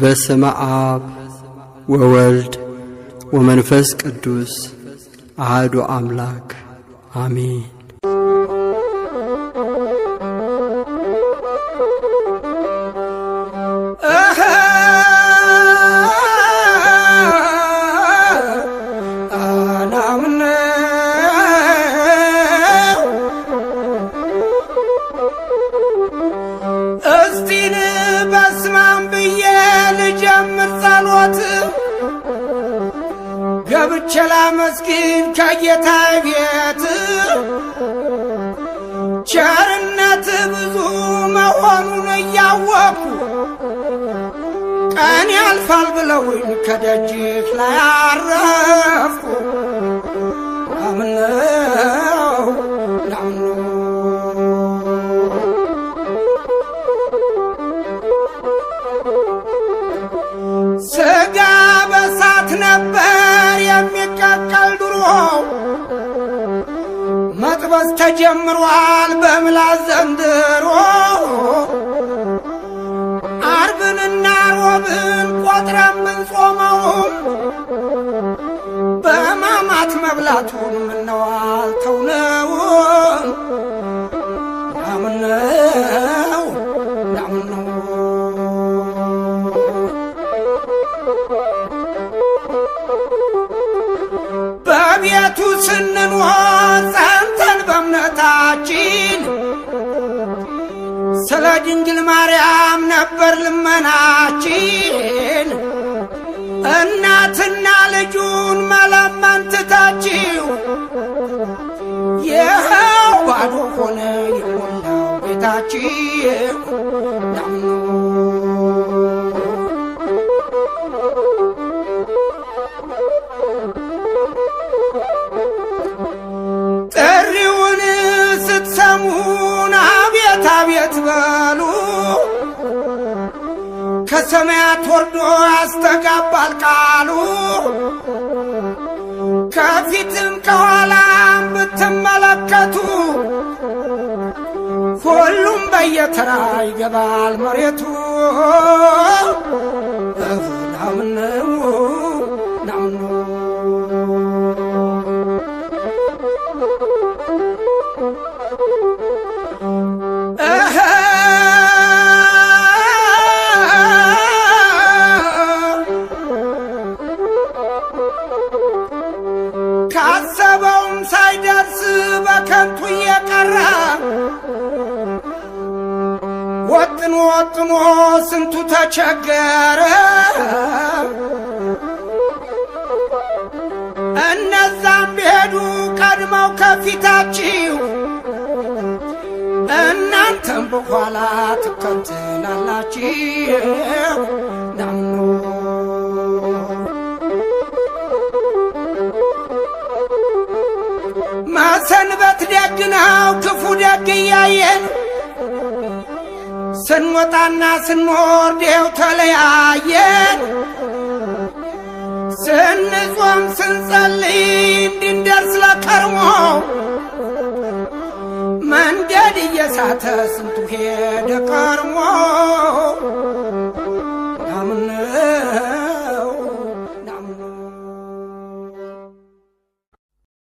በስመ አብ ወወልድ ወመንፈስ ቅዱስ አህዶ አምላክ አሜን። ቸላ መስኪን ከጌታ ቤት ቸርነት ብዙ መሆኑን እያወኩ ቀን ያልፋል ብለውኝ ከደጅህ ላይ አረፍኩ። አምነው ናምነው ስጋ በሳት ነበር ተጀምሯል በምላስ ዘንድሮ አርብንና ሮብን ቆጥረን ምንጾመው በማማት መብላቱን ምነዋል ተውነው ምነው ምነው በቤቱ ስንኖር ስለ ድንግል ማርያም ነበር ልመናችን። እናትና ልጁን መለመን ትታችው ይኸው ባዶ ሆነ የሞላው ቤታችሁ። ልደት ከሰማያት ወርዶ ያስተጋባል ቃሉ። ከፊትም ከኋላም ብትመለከቱ ሁሉም በየተራ ይገባል መሬቱ። በከንቱ እየቀረ ወጥኖ ወጥኖ ስንቱ ተቸገረ። እነዛም ቢሄዱ ቀድመው ከፊታችሁ እናንተም በኋላ ትከተላላችሁ። ሰንበት ደግነሃው ክፉ ደግ እያየን ስንወጣና ስንወርድ ይኸው ተለያየን። ስንጾም ስንጸልይ እንድንደርስ ለከርሞ መንገድ እየሳተ ስንቱ ሄደ ቀርሞ